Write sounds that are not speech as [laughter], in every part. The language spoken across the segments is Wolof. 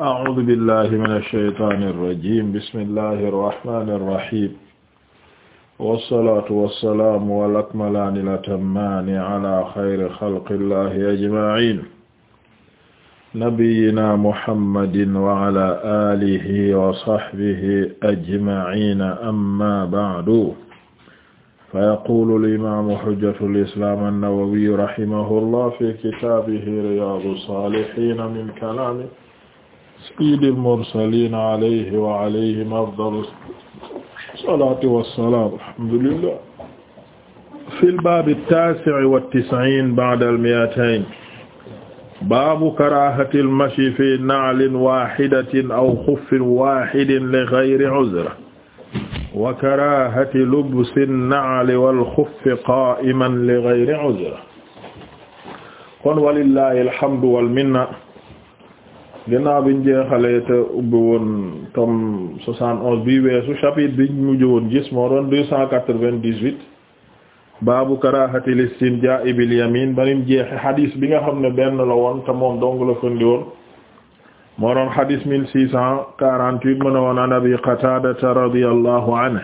أعوذ بالله من الشيطان الرجيم بسم الله الرحمن الرحيم والصلاة والسلام والأكملان الأتمان على خير خلق الله أجمعين نبينا محمد وعلى آله وصحبه أجمعين أما بعد فيقول الإمام حجة الإسلام النووي رحمه الله في كتابه رياض الصالحين من كلام sayyidil mursaliin alayhi wa alayhim afdalu salaatu wa salaam alhamdulillah fil baabi taasi'i wa tis'iin ba'dal mi'atayn baabu karaahatil mashyi fii na'lin waahidatin aw xuffin waahidin li ghayri 'uzr wa karaahati lubsin na'li wal xuffi qaa'iman li ghayri 'uzr kon walillaahi alhamdu wal minna ginnaaw biñ jeexalee te ubbi woon soixante onze bi weesu chapitre biñ mujj woon gis moo deux cent quatre-vingt-dix-huit baabu karaahatil istinjaa'i bil yamin banim jeexe xadis bi nga xam ne benn la woon te moom dong la fëndi woon moo doon xadis mille six cent quarante-huit mu ne woon an abi qataadata radiyallahu anhu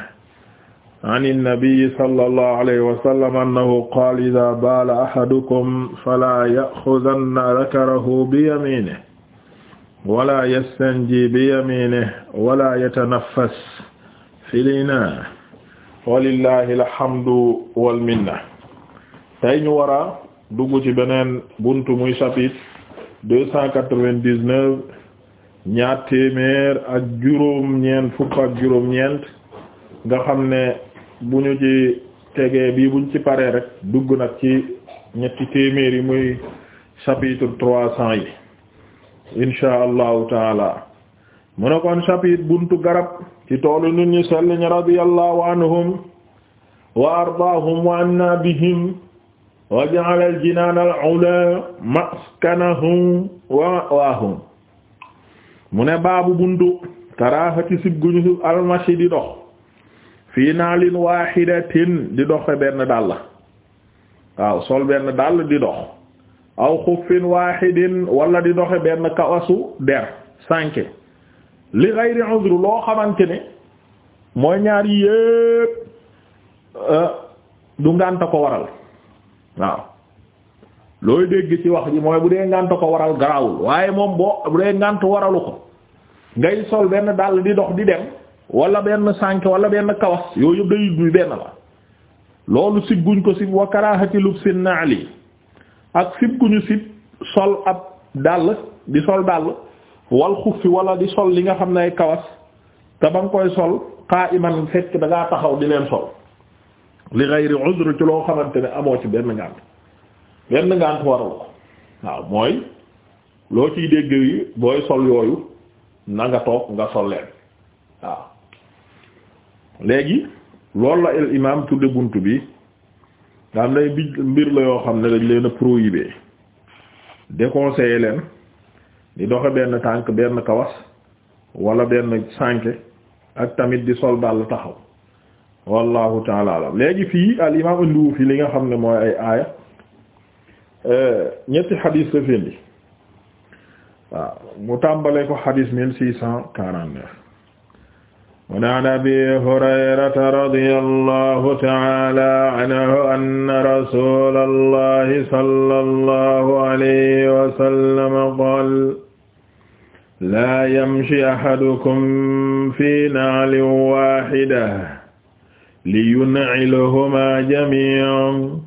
an innabiyi sallallahu alayhi wa sallam annahu qaala idaa baala ahadukum falaa ya'xudanna zakarahu bi yamiinihi wala yastanji bi yaminihi wala yatanaffas fil inaa walillahi alhamdu wal minna tey ñu war a dugg ci beneen buntu muy chapitre deux cent quatre-vingt-dix-neuf ñaar téeméer ak juróom-ñeent fukk ak juróom-ñeent nga xam ne bu ñu ci tegee bii buñ ci paree rek dugg nag ci ñetti téeméer yi muy chapitre trois cents yi insha allahu taala mu ne kon chapitre buntu garab ci toolu nit ñi selliñ radiyallahu anhum wa ardaahum wa anna bihim wa ja'ala jinaan al-'ulaa maskanahum wa ma'waahum mu ne baabu buntu karaahati sib guñu sib almashi di dox fii naalin waahidatin di doxe benn dàll waaw sol benn dàll di dox aw xuffin wahidin walla di doxe benn kawasu der sànke li ghayri uzru loo xamante ne mooy ñaar yi yépp euh, du ngànta ko waral waaw looy dégg ci wax ji mooy bu dee ngànt ko waral garawul waaye moom boo bu dee ngànt waralu ko ngay sol benn dàll di dox di dem walla benn sànk wala benn kawas yooyu yëpp day benn la loolu sigguñ ko si wa karahati lubsin naali ak sib gu ñu sib sol ab dàll di sol dàll wal xuf fi wala di sol li nga xam ne ay kawas te ba nga koy sol qa'iman fekk da ngaa taxaw di leen sol li ghayri uzr ci loo xamante ne amoo ci benn ngànt benn ngànt waral ko waaw mooy loo ciy dégg yi booy sol yooyu na nga toog nga sol leen waaw léegi loolu la el imaam bunt bi nga xam ne bi mbir la yoo xam ne dañ leen a prohibé déconseillé leen di doxe benn tànk benn kawas walla benn sànke ak tamit di sol dal taxaw wallahu taala alam léegi fii al imam fii li nga xam ne mooy ay aaya eh, ñetti xadiis la findi waaw mu tàmbalee ko xadiis mille six cent quarante neuf wa an Abii Hurayrata radiyallahu ta'aala anhu anna rasuulallahi sallallahu alayhi wa sallam qaala laa yamshi ahadukum fii na'lin waahidatin liyun'ilahumaa jamii'an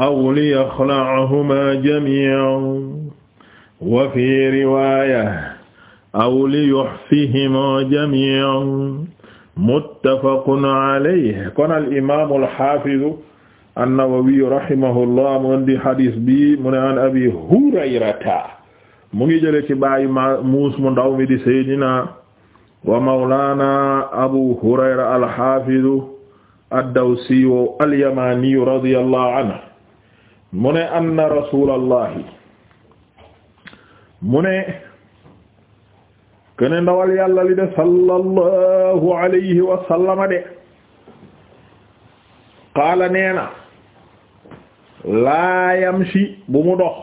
aw liyakhla'ahumaa jamii'an wa fii riwaaya aw li yuxfihimaa jamii'an muttafaqun alayhi kon al imaam al haafiz an-Nawawi rahimahullah mu indi hadis bi mu ne an Abi Hurayrata mu ngi jële ci baayu ma muus mu ndaw mi di Seydina wa mawlaana Abu Hurayra al haafiz ad-Dawsi al-Yamaani radiyallahu anhu mu ne anna rasuulallahi mu ne kene ndawal yàlla li de sallallahu alayhi wa de qaala nee na yamshi bu mu dox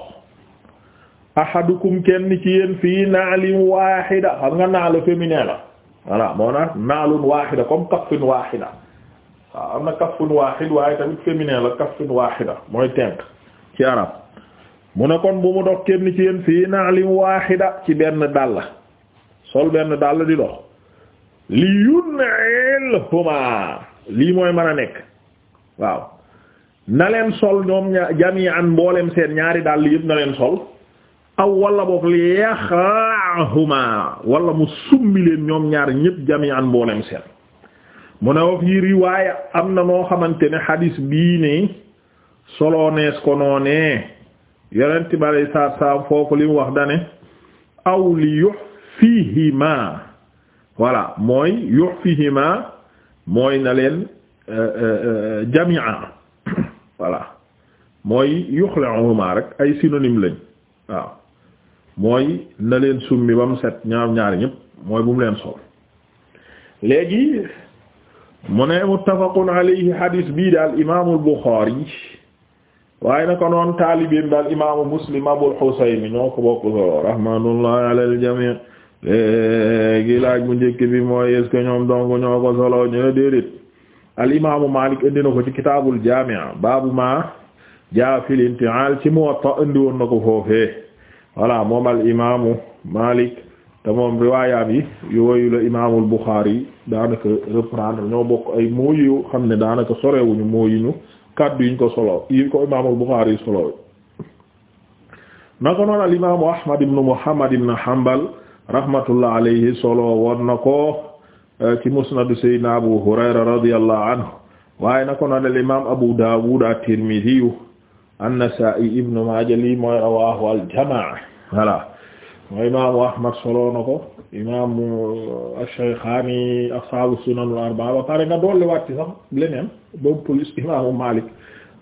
ahadukum kenn ci yéen fii naalin wahida xam nga naal féminin la voilà moo naat naalun wahida comme kaffin wahida waaw am na kaffin wahid waaye tamit féminin la kaffin mooy tenk ci arab mu ne kon bu mu dox kenn ci yéen fii naalin wahida ci benn dàll sol benn dàll di dox li yunel huma lii mooy mën a nekk waaw na leen sol ñoom ña an mboolem seen ñaari dàll yëpp na leen sol aw wala boog li yaxlaahuma wala mu summi leen ñoom ñaar ñëpp jami an mboolem seen mu ne wa fi riwaaya am na noo xamante ne xadiis bii ne soloonees ko noonee yonent bi saat saam foofu li wax dane aw li yox fiihima voilà mooy yux fiihima mooy na leen euh, euh, euh, jamia [coughs] voilà mooy yuxlihuma rek ay synonyme lañ waaw mooy na leen summi ba mu set ñaar ñaari ñëpp mooy bu mu leen sol léegi mu ne muttafaqun alayhi hadis bii daal imaamul Buxaari waaye naka noon taalibiin daal imaamu Muslim Abul Husayn ñoo ko bokk rahmatullahi alal jamii léegi laaj njëkk bi mooy est-ce ñoom donc ñoo ko solo ñu déedéet al imaamu Maalik indi na ko ci kitaabul jaami' baabu ma jaa fil inti'aal ci Muwatta indi woon na ko foofee voilà moom al imaamu Maalik te moom riwaayaam yi yooyu la imaamul Buxaari daanaka reprendre ñoo bokk ay mooy yu xam ne daanaka sorewuñu mooy yu ñu yuñ ko solo yi ko imaamul Buxaari solo naka noonu al imaamu Ahmad ibn Muhammad ibn Hanbal rahmatullah alayhi solo woon na ko eh, ci musnadu sayyidina abu hurayra radiyallahu anhu waaye na ko noon al imam abu dawud at-tirmidhi an-nasa'i ibnu maaja li mooy rawahu al-jamaa voilà mooy imaamu ahmad solo na ko imaamu eh, ash-shaykhani ashaabu sunan al-arba'a ba pare nga dolli waat ci sax leneen boobu police imaamu malik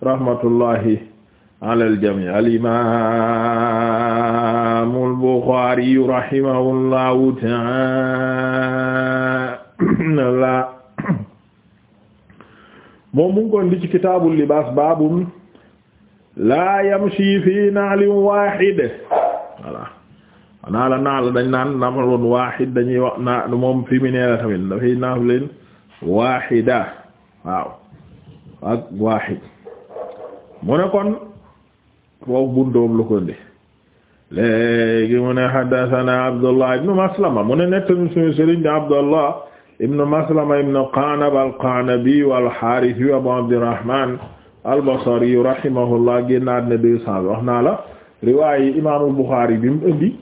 rahmatullahi ala al-jami' al imam al-Bukhari rahimahullahu ta'ala [coughs] moom mu ngi koy ci kitaabul libaas baabun laa yamshi fii na'lin waahid voilà naa dañ naan na'lun waahid dañuy wax naa moom fi mu nee la tamit dafay na'lun waahida waaw mu ne kon foofu bundoom lu ko indi léegi mu ne haddathana Abdullah ibn Maslama mu ne nettali suñu sëriñ di Abdullah ibn Maslama ibn Qanab al-Qanabi Abu Abdirrahman al-Basri rahimahullah génnaat na naa la riwaay yi imaamul Bukhari bi mu indi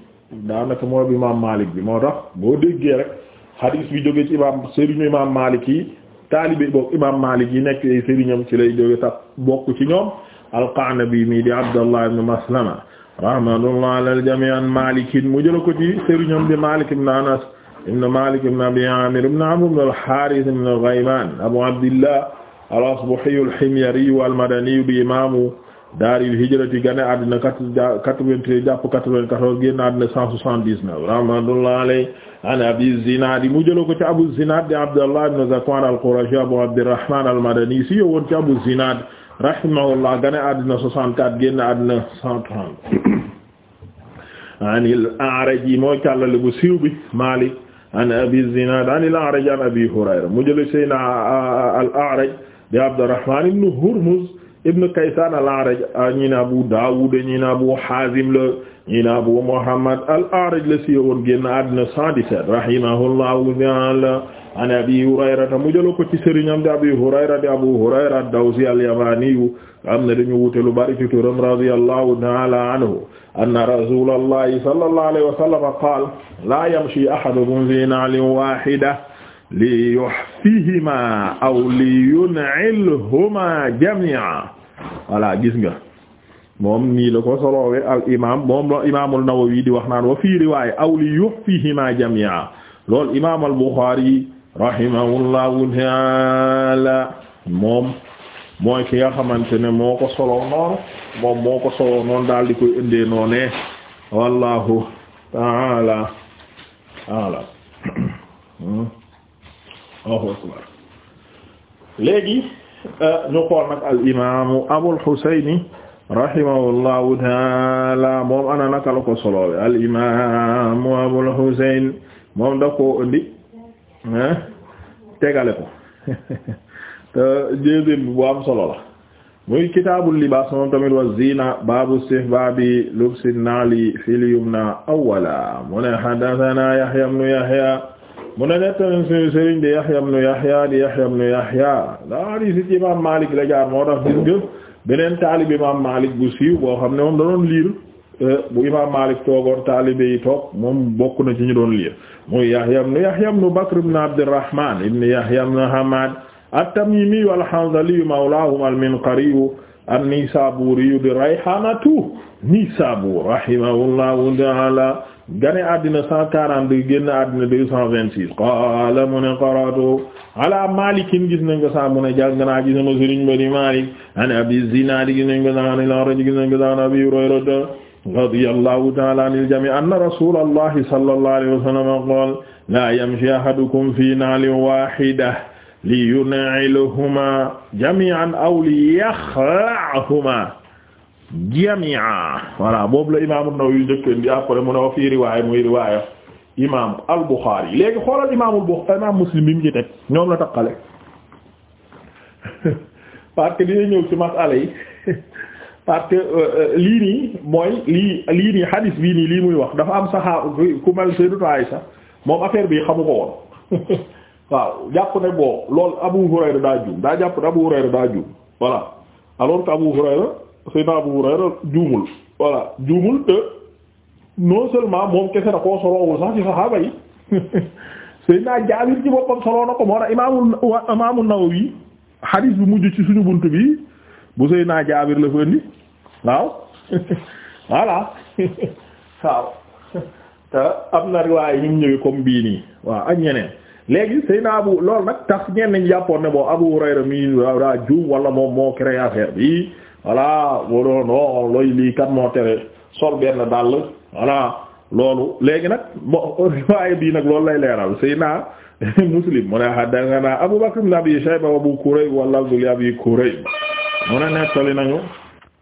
daanaka Malik bi moo tax boo déggee rek bi jóge ci imaam sëriñu imaam Malik yi taalibe boobu imaam Malik nekk ay sëriñam ci lay jóge tax ci ñoom al-Qanabi mii Abdullah ibn Maslama rahmatullah ala al-jamii an Maalik mu jëla ko ci sëriñam bi Maalik ibn Anas ibn Maalik ibn Abi Aamir ibn Amr ibn al-Haaris ibn Ghaymaan Abu Abdillah al-Asbahi al-Himyari al-Madani bi imaamu daaril hijrati gane àddina quatre-vingt-treize jàpp quatre-vingt-quatorze génn àddina cent soixante-dix-neuf rahmatullah alayhi an Abi Zinaad mu jëla ko ci Abu Zinaad di Abdallah ibn Zakwaan al-Qurashi Abu Abdirrahmaan al-Madani si yowoon ci Abu Zinaad rahimahullah gane àddina 64 génn àddina 130 anil A'raj mooy càllale bu siiw bi Maalik an Abi Zinaad anil A'raj an Abi Hurayra mu jële seyna al A'raj di Abdurrahmaan ibn Hurmuz ibn Kaysaan al A'raj ñi ne Abu Daawuud ñi Abu Haazim ñii na Abu Muhammad al-A'raj la si woon génn àddina 117 rahimahullahu ta'ala an Abi Hurayrata mu jël ko ci sëriñam di Abi Hurayra di Abu Hurayra ad-Dawsi al-Yamani am na dañu wute lu bari ci turam radiyallahu ta'ala anhu anna rasulallahi sallallahu alayhi wa sallam qaala la yamshi ahadukum fi na'lin wahidatin li yuhfihima aw li yun'ilhuma jami'an voilà gis nga moom nii la ko soloowe al imam moom la imaamul Nawawi di wax wa fii riwaaya aw li yuxfihima jamia lool imam al Buxaari rahimahullahu taala moom mooy ki nga xamante ne moo ko soloo noonu moom moo ko soloo noonu daal di koy indee noonee wallahu taala alam Allahu akbar léegi ñu xool nag al imaamu Abul Husayni rahimahullahu taala moom ana naka la ko soloowe al imam Abul Husayn moom da ko indi tegale ko [laughs] te jéegéen bi bu am solo la muy kitaabul libaas moom tamit wa zina baabu istihbaabi lubsi naali fil yumna awwala mu ne haddathana Yahya ibn Yahya mu ne nettali suñu sëriñ di Yahya ibn Yahya di Yahya ibn Yahya daa di ci imam Maalik la jaar moo tax gis beneen taalibe imaam Malik bu siiw boo xam ne moom da doon liir euh, bu imaam Malik toogoon taalibe yi toog moom bokk na ci ñu doon liir muy Yahya ibn Yahya ibn Bakr ibn Abdurrahman ibn Yahya ibn Hamad at-Tamimi al-Hanzali mawlahum al-Minqari an-Nisaburi di Rayhanatu Nisabur rahimahullahu ta'ala gane àddina cent quarante-deux génn àddina deux cent vingt-six qaala mu ne qara'tu ala malikin gis nañ ko sa mu ne jàng naa gis sama sëriñ ba di Maalik an Abi Zinaad gis nañ ko sa al-A'raj gis nañ ko sa an Abi Hurayrata radiyallahu ta'ala anil jami' anna rasulallahi sallallahu alayhi wa sallam qaala la yamshi ahadukum fi na'lin waahidatin liyun'ilahumaa jamii'an aw liyakhla'ahumaa jami'a voilà boobu la imaamu Nawawi njëkkeen di après mu ne wa fii riwaaya muy riwaaya imaam al léegi xoolal imaamul Bukhari imaam Muslim bi mu ci teg ñoom la taqale [laughs] parce que dina ñëw ci masala yi [laughs] parce euh, euh, lii nii mooy lii lii nii hadis bii nii lii muy wax dafa am saxaaba ku mel Sayyidatu Aisha moom affaire bi xamu ko woon [laughs] waaw jàpp ne boo loolu Abu Hurayra daa juum daa jàpp ne Abu Hurayra daa juum voilà alors que Abu Hurayra Seydina Abu Hurayra juumul voilà juumul te non seulement moom kese na koo soloowul sax ci saxaaba yi Seydina [laughs] Jaabir ci boppam soloo na moo tax imaamul imaamul Nawawi xadiis bi mujj ci suñu bunt bi bu Seydina Jaabir la fa waaw [laughs] voilà [laughs] waaw te am na riwaay ñu ñëwee comme bii nii waaw ak ñeneen léegi Seydina Abu loolu nag tax ñenn ñi jàppoon ne bon Abu Hurayra mi daa juum wala moom moo créé affaire bi voilà wala non oh, moo tere sol benn dàll voilà loolu léegi nag bon riwaaya bii nag loolu lay leeral Seydina Muslim mu ne haddathana Abu Bakr ibn Abi Shayba wa Abu Kurayb wa lafzu li mu ne nettali nañu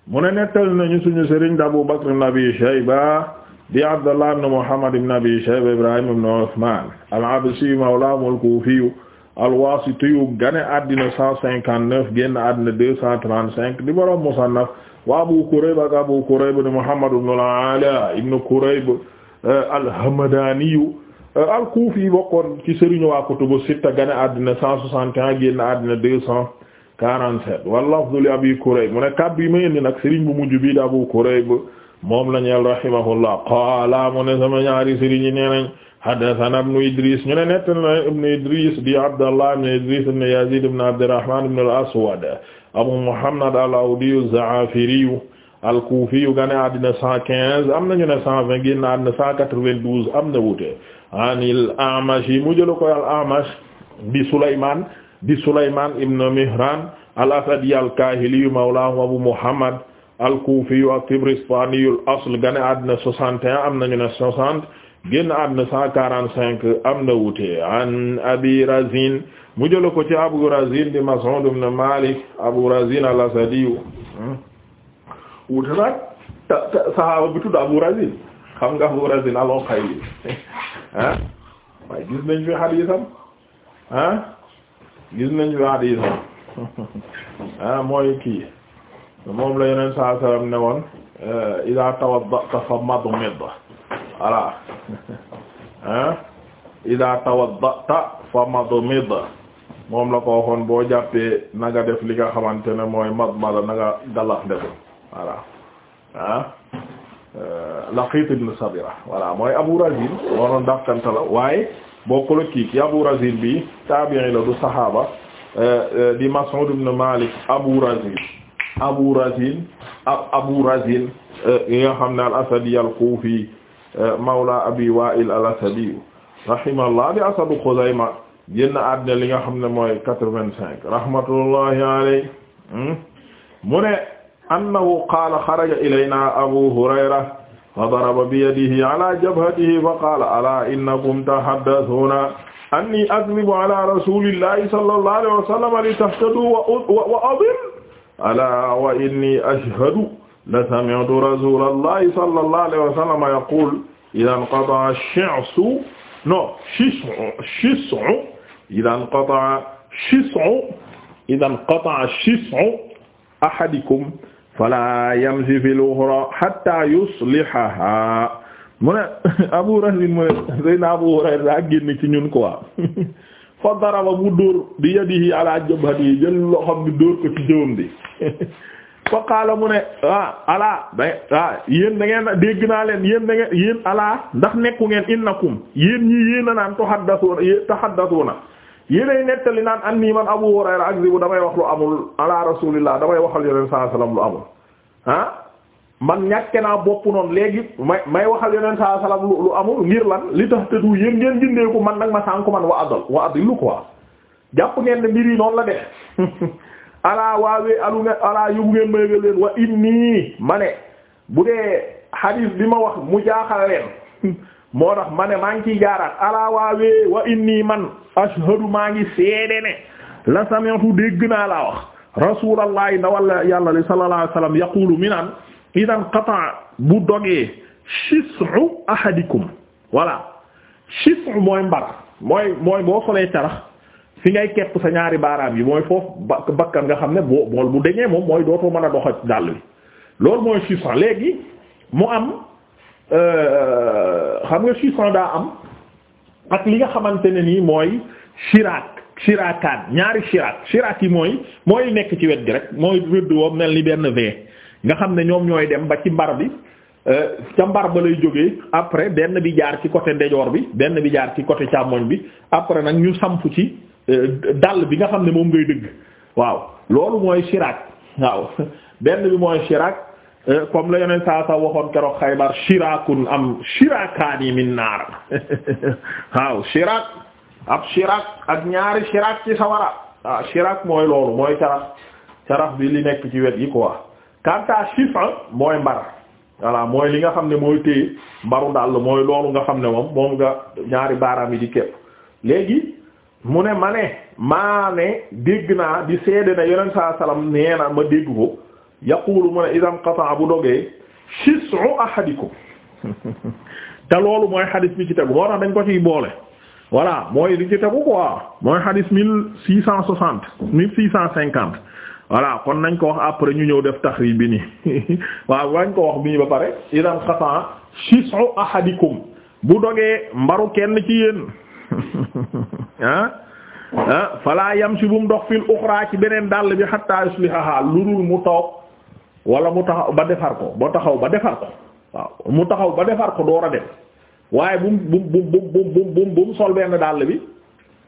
mu ne nettali nañu suñu sëriñ da Abu Bakr ibn Abi di Abdallah ibn Muhammad ibn Abi Shayba Ibrahim ibn Uthman al-Absi mawlahum al-Kufi al-Wasiti gane àddina cent cinquante-neuf génn àddina deux cent trente-cinq di Musannaf wa Abu Kurayb ak Abu Kurayb ibn Muhammad ibn al ibn Kurayb eh, al-Hamdani eh, al-Kufi bokkoon ci sëriñ waa gane àddina cent soixante quarante-sept wal lafdu li Abi Kurayb mu ne kaddu yi ma indi bu mujj bi Abu Kurayb moom la ñeel rahimahullah qaala mu ne Idris ñu na ibnu Idris di Abdallah ibnu Idris ibnu Yazid ibnu Abdirrahman ibnu al-Aswad Abu Muhammad al-Awdi az-Za'afiri al-Kufi gane àddina am na ne 120 génn àddina 192 am na wuute anil A'mash yi mu jëla koy al A'mash di Sulaymaan di Sulaymaan al-Asadi al-Kahili mawlaahu Abu Muhammad al-Kuufiyu at-Tabaristaaniyu al-asl gane àddina 61 am nañu ne 60 génn àddina 145 am na wuute an Abi Razin mu jël ko ci Abu Razin di Mas'ud ibn Malik Abu Razin al-Asadiyu hmm? wuute nag saxaaba bi tudd Abu Razin xam nga Abu Razin al-Uqayli ah [laughs] waaye gis nañ fi hadiisam ah gis nañ fi hadiisam ah [laughs] mooy kii moom la yeneen sa salaam ne woon eh, idaa tawadda'ta fa madmid voilà ah [laughs] idaa tawadda'ta fa madmid moom la ko waxoon boo jàppee na def li nga xamante ne mooy madmada na nga galax ndeku voilà ah Laqiit ibn Sabira voilà mooy Abu Razin woonoon dàqanta la waaye bokkul kii ki Abu Razin bi taabi'i la du saxaaba eh, di Mas'ud ibn Malik Abu Razin Abu Razin Abu Razin yi eh, nga xam ne al-Asadi al-Kufi eh, mawla Abi Wa'il al-Asadi rahimahullah bi asadu Xuzayma génn àddina li nga xam ne mooy quatre-vingt-cinq rahmatullahi alayhi hmm? mu ne annahu qaala xaraja ilayna Abu Hurayra fa daraba biyadihi ala jabhatihi fa qaala alaa innakum tahaddathuna anni akdhibu ala rasulillahi sallallahu alayhi wa sallam li tahtadu wa wa adillu alaa wa inni ashhadu la sami'tu rasulallahi sallallahu alayhi wa sallam yaqul idha inqata'a ash-shi'su no shis'u shis'u idha inqata'a shis'u idha inqata'a shis'u ahadikum fala yamshi fil ukhra hatta yuslihaha mu ne [laughs] Abu Rahl mu ne Seydina Abu Hurayra daa génn ci ñun quoi [laughs] fa daraba bu dóor bi yadihi ala jabhati jël loxom bi dóor ko ci jëwam bi fa mu ne ah alaa da ah yéen da ngeen dégg naa leen yéen da ngeen yéen alaa ndax nekku ngeen innakum yéen ñii yéen a naan taxaddasuuna yéen taxaddasuuna yéenay nettali naan an nii man Abu Hurayra ak bu damay wax lu amul ala rasulillah damay waxal yeneen saa salaam lu amul ah. man ñàkke naa bopp noon léegi may may waxal yeneen saa salaam lu amul ngir lan li tax te du yéen ngeen jëndee ko man nag ma sànku man wa adal wa adilu quoi jàpp ngeen ne mbir yi la def [laughs] alaa waawee alu ngeen alaa yóbbu ngeen mayga leen wa inni ma ne bu dee hadith bi ma wax mu jaaxal leen [laughs] moo tax ma ne maa ngi ciy jaaraat alaa waawee wa inni man ashhadu maa ngi seede ne la sami'tu dégg naa laa wax rasuulallahi ndawal yàlla li sallallahu alayhi wasallam idan qata bu dogee shis'u ahadikum voilà shis'u mooy mbar mooy mooy boo solee carax fi ngay kepp sa ñaari baaraam yi mooy foofu bakkan nga xam ne boo bool bu deñee moom mooy dootoo mën a doxa dàll bi loolu mooy shis'u léegi mu am euh, xam nga shis'u daa am ak li nga xamante ne nii mooy shiraak shiraakaan ñaari shiraak shiraak yi mooy mooy nekk ci wet gi rek mooy rëdd woo mel ni benn v nga xam ne ñoom ñooy dem ba ci mbar bi euh, ca mbar ba lay jóge après benn bi jaar ci côté ndejoor bi benn bi jaar ci côté càmmoñ bi après nag ñu samp ci euh, dàll bi nga xam ne moom ngay dëgg waaw loolu mooy shiraak waaw [laughs] benn bi mooy shiraak euh, comme la yeneen saa sa waxoon keroog xaybar shiraakun am shiraakaani min naar [laughs] waaw shiraak ab shiraak ak ñaari shiraak ci sawara waaw shiraak mooy loolu mooy carax carax bi li nekk ci wet yi quoi. kanta chiffre mooy mbar voilà mooy li nga xam ne mooy téye mbaru dàll mooy loolu nga xam ne moom moom nga ñaari baaraam yi di képp léegi mu ne ma ne maa dégg naa di seede ne yonent saa salaam nee na ma dégg ko yaqulu mu ne isam qata bu dogee shis'u ahadikum [laughs] te loolu mooy xadis bi ci tegu moo tax dañ ko ciy boole voilà mooy li ci tegu quoi mooy xadis mille six cent soixante mille six cent cinquante voilà kon nañ ko wax après ñu ñëw def taxrib bi nii [laughs] waaw wañ ko wax bi ba pare idan xataa shis'u ahadikum bu dogee mbaru kenn ci yéen [laughs] ah, ah? yam si bu mu dox fil uxra ci beneen dàll bi hatta yuslihaha lu dul mu toog wala mu taxaw ba defar ko ba taxaw ba defar ko waaw mu taxaw ba defar ko door a dem waaye bu mu bu mu bu mu bu mu bu mu sol benn dàll bi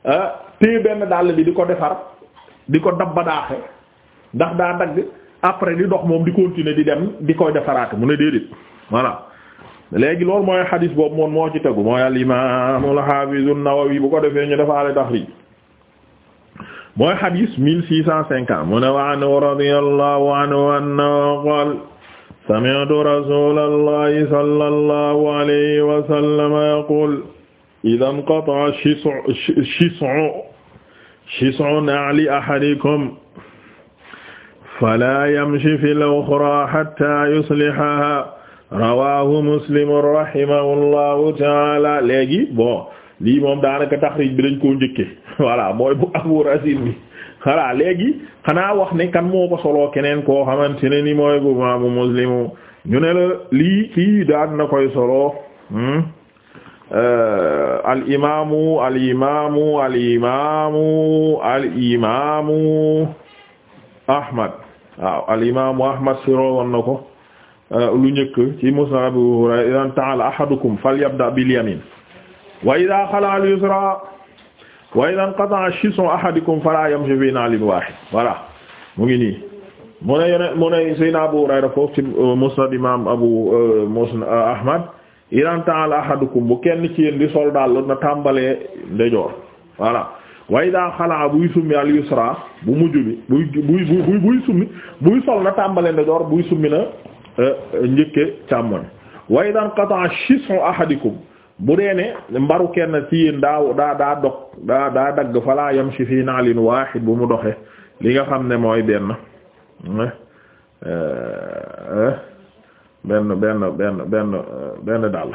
ah benn dàll bi di ko defar di ko dabba daaxe ndax daa dagg après di dox moom di continuer di dem di koy defaraat mu ne déedéet voilà léegi loolu mooy xadis boobu moom moo ci tegu mooy al imam al hafiz an-Nawawi bu ko defee ñu defaale taxrij mooy xadis mille six cent cinquante mu ne wa anhu radiyallahu anhu annahu qaala sami'tu rasulallahi sallallahu alayhi wa sallam yaqul idha inqata'a shis'u shis'u na'li ahadikum fala yamshi fi l-uxraa xattaa yuslihahaa rawaahu muslim rahimahullahu taala léegi bon lii moom daanaka taxriij bi dañ koo njëkke [laughs] voilà mooy bu Abu Razin bi voilà léegi xanaa wax ne kan moo ko soloo keneen koo xamante ne ni mooy bu maamu muslimu ñu ne la lii kii daan na koy soloo hmm? euh, al imaamu al imaamu al imaamu al imaamu Ahmad waaw al imaamu ahmad siroo woon na ko euh, lu njëkk ci musnad abu hurayra idan ta'ala ahadukum falyabda bil yamin wa idha khala al yusra wa idha inqata'a shisun ahadikum fala yamshi fi na'lin wahid voilà mu ngi nii mu ne yone mu ne sayna abu hurayra foofu ci euh, musnad imam abu euh, musnad ahmad idan ta'ala ahadukum bu kenn ci yeen di sol daal na tàmbalee ndejoor voilà wa ida xalaa buy summi al yusra bu mujj bi buy buy buy buy summi buy sol na tàmbale ne door buy summi na euh, euh, njëkke càmmoñ wa ida qata'a shis'u ahadikum bu dee ne mbaru kenn ci yéen daa daa daa dog daa dagg fala yamshi fi na'lin wahid bu mu doxe li nga xam ne mooy benn euh, benn benn benn benn benn daal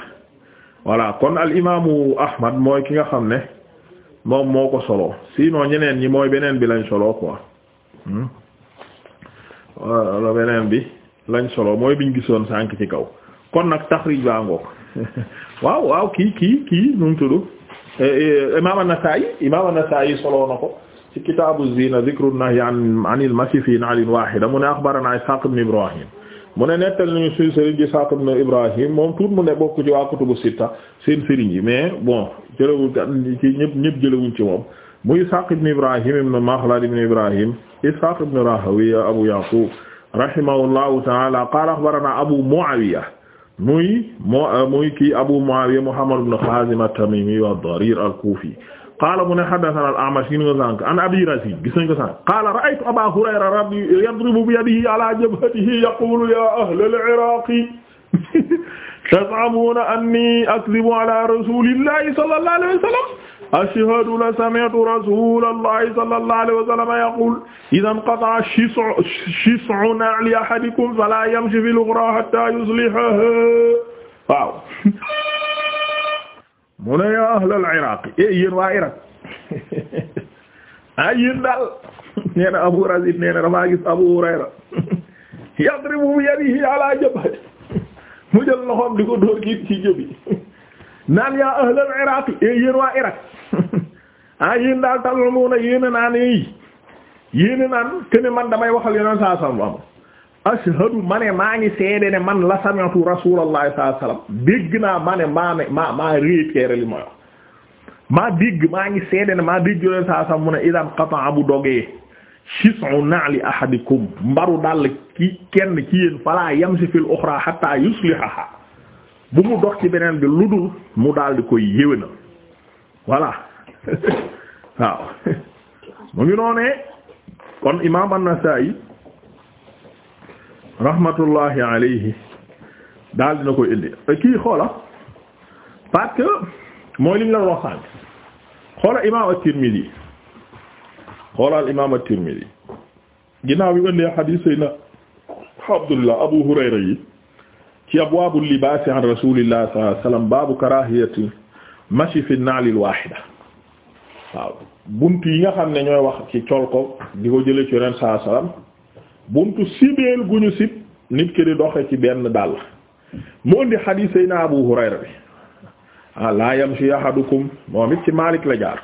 voilà kon al imaamu Ahmad mooy ki nga xam ne moom moo ko solo noo ñeneen ñi mooy beneen bi lañ solo quoi wala hmm? beneen bi lañ solo mooy biñ gisoon sànk ci kaw kon nag taxrij baa [laughs] waaw waaw kii kii kii nu mu tudd eh, eh, imaam an-Nasaa'i imaam an-Nasaa'i solo na ko ci kitaabu zina dhikru nahyi an anil masi fi naalin waahida mu ne axbaranaa Ishaaq ibn Ibrahim mu ne nettal nañu suñu sëriñ ji Sa'd ibn Ibrahim moom tuut mu ne bokk ci waa kutubu sitta seen sëriñ yi mais bon jëlewul ci ñëpp ñëpp jëlewuñ ci moom muy Sa'd ibn Ibrahim ibn Makhlad ibn Ibrahim Ishaq ibn Rahawiya Abu Yaqub rahimahullahu ta'ala qala akhbarana Abu Muawiya muy muy kii Abu Muawiya Muhammad ibn Khazim at-Tamimi wa ad-Darir al-Kufi qaala mu ne haddathana al-A'mash gis nañ ko sànq an Abi Razin gis nañ ko sànq qaala ra'aytu Aba Hurayra rabbi yadribu bi yadihi ala jabhatihi yaqulu ya ahla al-Iraq taz'amuna anni akdhibu ala rasulillahi sallallahu alayhi wa sallam ashhadu la sami'tu rasulallahi sallallahu alayhi wa sallam yaqul idha inqata'a shis'u na'li ahadikum fala yamshi fil ukhra hatta yuslihaha waaw mu ne yaa ahlal iraq e yéen waa iraq ah [laughs] yéen daal nee Abu Razid nee na Abu Hurayra [laughs] yadribu bi yadihi ala jabhati [laughs] mu jël loxoom di ko dóor kii ci jëbi naan yaa ahlal iraq e yéen waa iraq ah yéen daal talal mu ne yéen naan yéen a naan eh. kenn man damay waxal yeneen saa sàmm ashhadu ma ne maa ngi seede ne man la sami'tu rasulallahi sallallahu alayhi wasallam ma ne maa ne maa li ma wax maa dégg maa seede ne maa dégg yoneen saa mu ne idan qata'a bu dogee shis'u na'li ahadikum mbaru dal ki kenn ci yéen fala yamshi fil mu dox ci beneen bi ludul mu daal di koy yéwénal voilà [laughs] [laughs] mu ngi kon imam an-Nasa'i rahmatullahi alayhi daal dina koy indi kii xoola parce mooy liñ la wax sànq xoola imaam at-Tirmidhi xoola al imaam at-Tirmidhi ginnaaw bi indee xadiis sayna Abdullah Abu Hurayra yi ci abwaabul libaas an rasuulillah sallallahu alayhi wasallam baabu karaahiyati mashi fi an-na'li al waaw bunt yi nga xam ne ñooy wax ci col ko di ko jële ci ren saa salaam buntu sibeel gu ñu sib nit ki di doxe ci benn dàll mu di xadiis sayna Abu Hurayra bi ah laa yamshi ahadukum moom it ci Maalik la jaar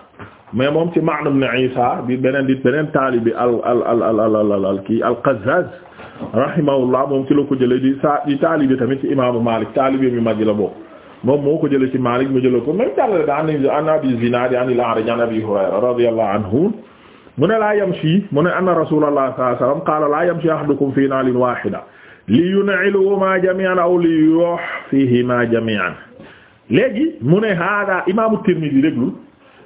mais moom ci Ma'n ibn Isa bi beneen di beneen taalibi al al al al al al kii al-Qazzaz rahimahullah moom ci la ko jëlee di saa di taalibi tamit ci imaamu Maalik taalibi mi mag la bokk moom moo ko jëlee ci Maalik mu jëlee ko même jàllale daan nañu an Abi Zinaad an al-A'raj an Abi Hurayra radiyallahu anhu mu ne laa yamshi mu ne anna rasulallah sallallahu alayhi wasallam qaala laa yamshi ahadukum fi naalin waahida li yun'iluhumaa jamii'an aw li yuhfiihimaa jamii'an léegi mu ne haadaa imaamu Tirmidi déglu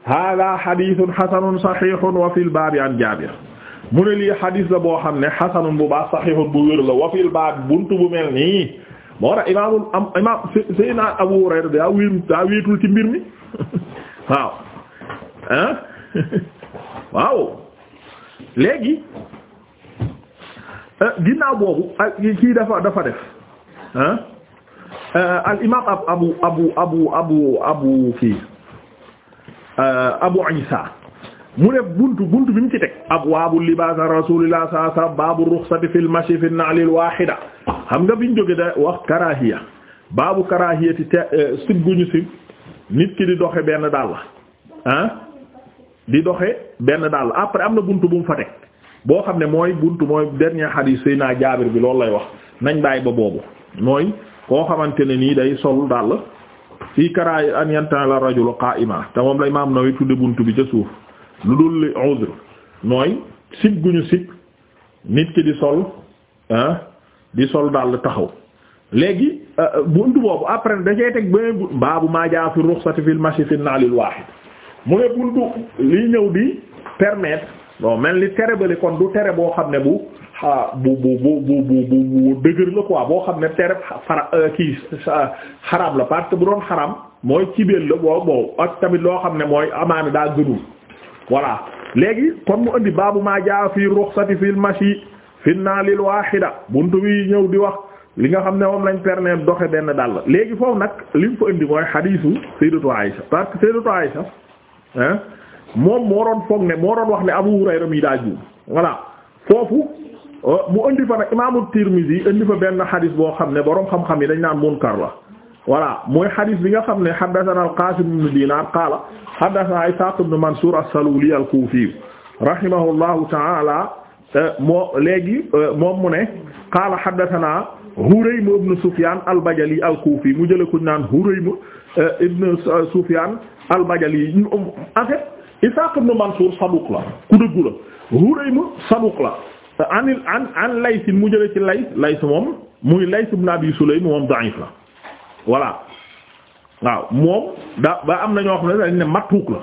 haadaa hadiisun hasanun sahiihun wa fil baabi an Jaabir mu ne lii hadis la boo xam ne hasanun bu baax sahiihun bu wér la wa fil baab buntu bu mel nii moo tax imaamul am imaam Seydina Abu Hurayra daa wéeru daa wéetul ci mbir mi [laughs] waaw ah. [laughs] waaw léegi euh, ginnaaw boobu kii dafa dafa def euh, al imaam abu abu abu abu abu kii euh, abu isa mu def buntu buntu bi mu ci teg abwaabu libaas rasulillah sallallahu alayhi baabu ruxsati fil mashi fi na'lil waahida xam nga biñ jóge da wax karaahiya baabu karaahiyati te sib guñu sib nit ki di doxe benn daal la di doxe benn daal après am na bunt bu mu fa teg boo xam ne mooy bunt mooy dernier hadith naa Jaabir bi loolu lay wax nañ bàyyi ba boobu mooy koo xamante ne nii day sol daal fii karaay an yantala rajulu qaa'ima te moom la Imaam Nawawi tudde bunt bi ca suuf lu dul li uzr mooy sib guñu sib nit ki di sol ah di sol daal taxaw léegi euh, buntu boobu après dacay teg beneen baabu maa jaa fi ruxsati fil mashi fi naalil waahid mu ne buntu liy ñëw di permettre non mel ni tere bale kon du tere boo xam ne bu bu bu bu bu bu dëgër la quoi boo xam ne tere fara euh, kii xaraam la parce que bu doon xaraam mooy cibeel la boo boobu ak tamit loo xam ne mooy amaana daa gënul voilà léegi kon mu indi baabu maa jaa fii ruxsati fil mashi fi naalil waahida buntu bi ñëw di wax li nga xam ne moom lañ permettre doxe benn dàll léegi foofu nag li mu fa indi mooy xadiisu sayyidatu Aïsha parce que sayyidatu Aïsha moom moo doon foog ne moo doon wax ne Abu Hurayra mi daa juum voilà foofu euh, mu indi fa nag imaamu Tirmizi indi fa benn xadis boo xam ne boroom xam-xam yi dañ naan munkar la voilà mooy xadis bi nga xam ne haddathana al-Qasim ibn Dinar qaala haddathana Ishaq ibn Mansur as-Saluli al-Kufi rahimahullahu ta'ala euh, moo léegi euh, moom mu ne qaala haddathana Huraym ibn Sufyan al-Bajali al-Kufi mu jëlee ko naan Huraym ibn Sufyan al-Bajali yi en fait Ishaq ibn Mansur saduq la ku dëggu la Hurayma saduq la an an an Layth mu jële ci Layth Layth moom muy Layth ibn Abi Sulaym moom da'if la voilà waaw moom da ba am nañoo ñoo xam ne dañ ne matruk la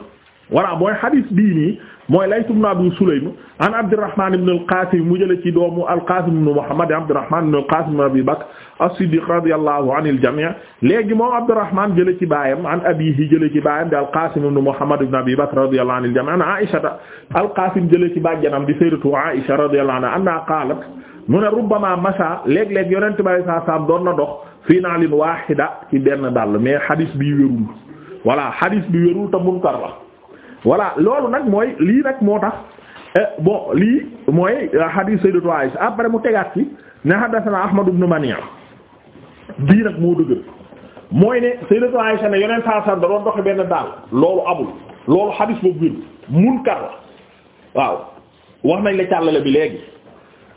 voilà mooy hadith bii nii mooy Layth ibn Abi Sulaym an Abdurrahman ibn al-Qasim mu jëlee ci doomu al-Qasim ibn Muhammad Abdurrahman ibn al-Qasim Abi Bakr as-Siddiq radiyallahu anil jami' léegi moom Abdurrahman jële ci baayam an abiihi jële ci baayam di al-Qasim ibn Muhammad ibn Abi Bakr radiyallahu anil jami' an Aisha al-Qasim jële ci bàjjanam di sayyidatu Aisha radiyallahu anha anna qaalat mu ne rubbama masha léeg-léeg yonent bi sallallahu alayhi wasallam doon na dox fii naalin waahida ci benn dàll mais hadith bi wérul voilà hadith bi wérul te munkar la voilà loolu nag mooy lii nag moo tax eh, bon lii mooy hadith sayyidatu Aisha après mu tegaat ci ne haddathana Ahmad ibn Mani' bii nag moo dëgër mooy ne Sayyidatu Aisha ne yoneen saa saa doon doxe benn daal loolu amul loolu xadis boobu biir munkar la waaw wax nañ la càllale bi léegi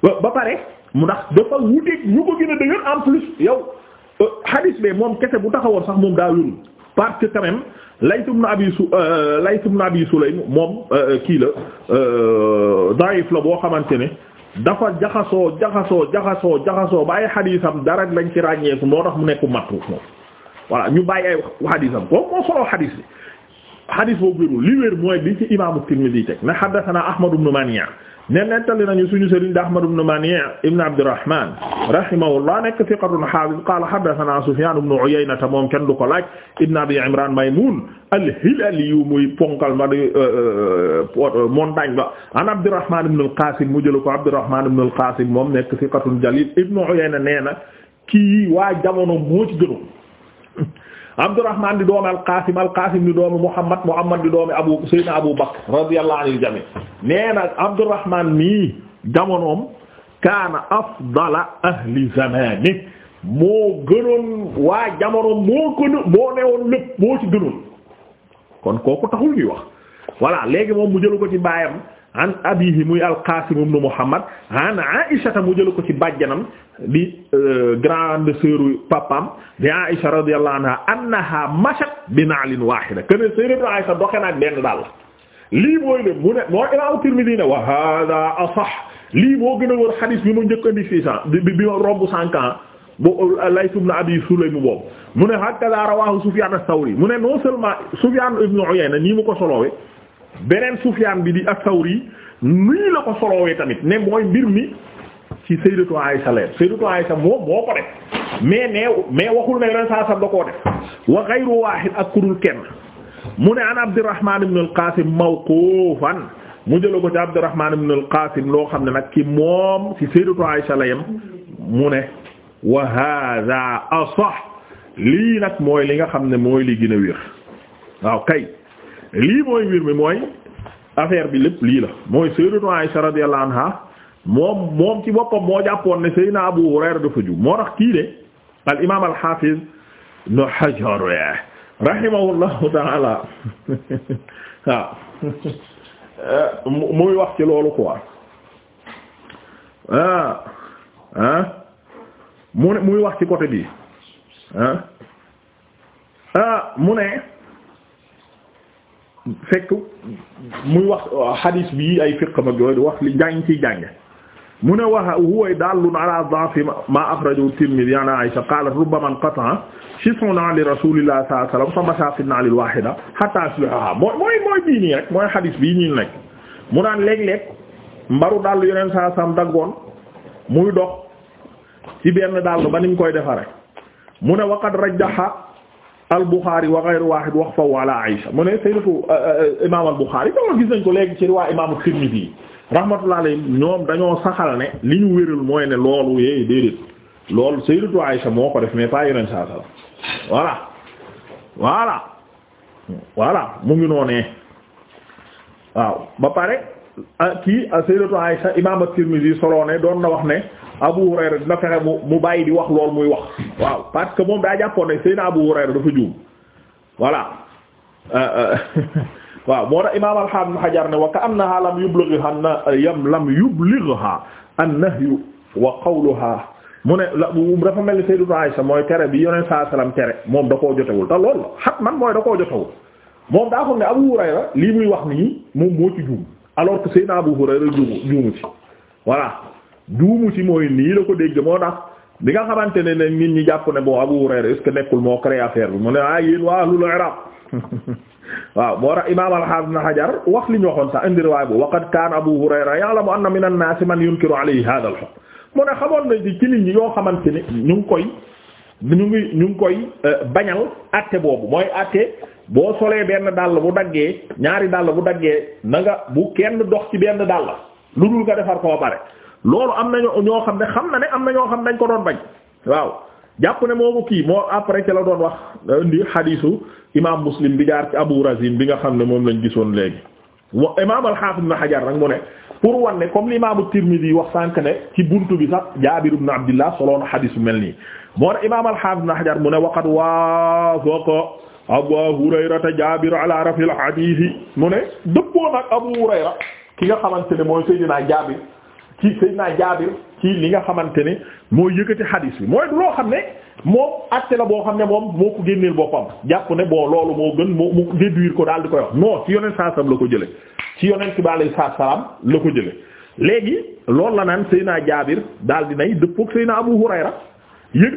ba pare mu ndax dafa wuteeg ñu ko gën a dëgër en plus yow euh, xadis bee moom kese bu taxawoon sax moom daa wérul parce que quand même Layth ibn Abi su euh, Layth ibn moom euh, kii la daif la boo xamante ne dafa jaxasoo jaxasoo jaxasoo jaxasoo ba ay xadiisam dara lañ ci ràññeeku moo tax mu nekku matruuk moom voilà ñu bàyyi ay xadiisam kooku moo solo xadiis bi xadiis boobu wérul li wér mooy bi ci imaamu Tirmidhi teg na haddathana Ahmad ibn Mania ne nettali nañu suñu sëriñ da Ahmad ibn Mani' ibn Abdurrahman rahimahullah nekk thiqatun hafiz qala haddathana Sufyan ibn Uyayna ta moom kenn du ko laaj ibn Abi Imran Maymun al-Hilali yu muy ponkal ma di euh, euh, montagne ba an Abdurrahman ibn al-Qasim mu jël ko Abdurrahman ibn al-Qasim moom nekk thiqatun jalil ibn Uyayna nee na kii waa jamono moo Abdurrahman di doomi al-Qasim al-Qasim di doomi Muhammad Muhammad di doomi Abu Sayyidina Abu Bakr radiyallahu anil jami nee na Abdurrahman mii jamonoom kaana afdala ahli zamani moo gënoon waa jamonoom moo gënoon moo newoon lépp moo ci gënoon kon kooku taxul ñuy wax voilà léegi moom mu jëlu ko ci baayam an abihi muy alqasim ibn muhammad an aishata mu jëla ko ci bàjjanam di euh, grande sœur papam di aisha radiyallahu anha annaha mashat bi na'lin wahida kene sayyidatu aisha doxe naak benn daal lii mooy ne mu ne moo imam Tirmidhi ne wa hada asah lii moo gën a wër xadis bi mu njëkk andi fii san bi bi romb cinq ans bu Layth ibn Abi Sulaym boobu mu ne hakada rawahu Sufyan ath-Thawri mu ne non seulement Sufyan ibn Uyayna nii mu ko soloowe beneen Sufyaan bi di as-Sawri nii la ko solowee tamit ne mooy mbir mi ci Sayyidatu Aysa leer Sayyidatu Aysa moom moo ko def mais neew mais waxul ne ren da koo def wa ghayru waahid ak kudul kenn mu ne an Abdurrahman ibn al-Qasim mawqufan mu jëla ko ci Abdurrahman ibn al-Qasim loo xam ne nag ki moom ci Sayyidatu Aysa la mu ne wa hadha asah lii nag mooy li nga xam ne mooy li gën a wér waaw kay lii mooy mbir mi mooy affaire bi lépp lii la mooy sayyidatu Aisha radiyallahu anha moom moom ci boppam moo jàppoon ne Seydina Abu Hurayra dafa ju moo tax kii de al imaam al hafiz nu Hajar rahimahullahu ta'ala [laughs] waaw muy wax ci loolu quoi ah ah mu ne muy wax ci côté bi ah ah mu ne. fekk muy wax hadis bi ay fiqh mag yooyu di wax li jàng ciy jànge mu ne wax huwa dallun ala da'fi ma akhrajahu Tirmidhi an Aisha qalat rubbama inqata'a shis'una li rasulillah sallallahu alayhi wasallam fa masha fi an-na'l al-wahida hatta asbaha mooy mooy mooy bii nii rek ñu nekk mu naan léeg-léeg mbaru dàll yeneen saa sam daggoon muy dox ci benn dàll ba ni koy defaree mu waqad rajjaha al Bukhari wa ghayru wahid wax fa wala Aïcha mu ne sayyidatu euh, euh, imaam al Bukhari dama gis nañ ko léegi ci riwaa imaam Tirmidhi rahmatullahi alayhim ñoom dañoo saxal ne li ñu wéral mooy ne loolu yee déedéet loolu sayyidatu Aïcha moo ko def mais pas yeneen saa sala voilà voilà voilà mu ngi noonee waaw ba pare. Ah, kii ah, sayyidatu Aisha imam at-Tirmidhi soloo ne doon na wax ne Abu Hurayra dina fexe mu mu bàyyi di wax lool muy wax waaw parce que moom daa jàppoon ne sayyidna Abu Hurayra dafa juum voilà ah, [laughs] waaw moo tax imam al-Hafiz Ibn Hajar ne wa yam lam yublighha an wa qawluha mu ne dafa mel ni sayyidatu Aisha mooy tere bi yoneen saa salaam tere moom da koo jotewul te loolu la xat man mooy da koo jotewul moom daa foog ne Abu Hurayra lii muy wax nii moom moo ci juum alors que Seydina Abu Hurayra juumu juumu ci voilà juumu ci mooy nii la ko dégg moo tax bi nga xamante ne ne nit ñi jàpp ne boo Abu Hurayra est-ce nekkul moo créé affaire bi mu ne ah yéen waa ahlul Iraq [laughs] waaw moo tax imaam al wax li ñu waxoon sax indi riwaay bu wa qad kaana Abu Hurayra ya'lamu anna mina an-naasi man yunkiru alayhi haadha al-hukm ne xamoon nañ ci nit ñi yoo xamante ni ñu koy ñu ngi ñu ngi koy euh, bañal àtte boobu mooy àtte boo solee benn dàll bu daggee ñaari dàll bu daggee na bu kenn dox ci benn dàll lu dul nga defar koo bare loolu am na ñoo xam ne xam na ne am na ñoo xam ne dañ ko doon bañ waaw jàpp ne moo ko kii moo après ci la doon wax indi xadiisu imaam muslim bi jaar ci abu razin bi nga xam ne moom lañ gisoon léegi wa imaam al-Hafiz Ibn Hajar nag mu ne pour wan comme comme l'imaamu Tirmidhi wax sànq ne ci buntu bi sax Jaabir ibn Abdillah soloon xadis bu mel nii moo imaam al-Hafiz Ibn Hajar mu ne waqad waafaqa Abaa Hurayrata Jaabir ala raf'il hadiis mu ne dëppoo nag Abu Hurayra ki nga xamante ne mooy Seydina Jaabir ci naa Jaabir ci li nga xamante ne moo yëkkati hadis bi mooy du loo xam ne moom àtte la boo xam ne moom moo ko génneel boppam jàpp ne bon loolu moo gën moo mu déduire ko daal di koy wax non ci yonent saa salaam la ko jële ci yonent bi alayhi salaam la ko jële léegi loolu la naan naa Jaabir daal di nay dëppoo ak Seydina Abu Hurayra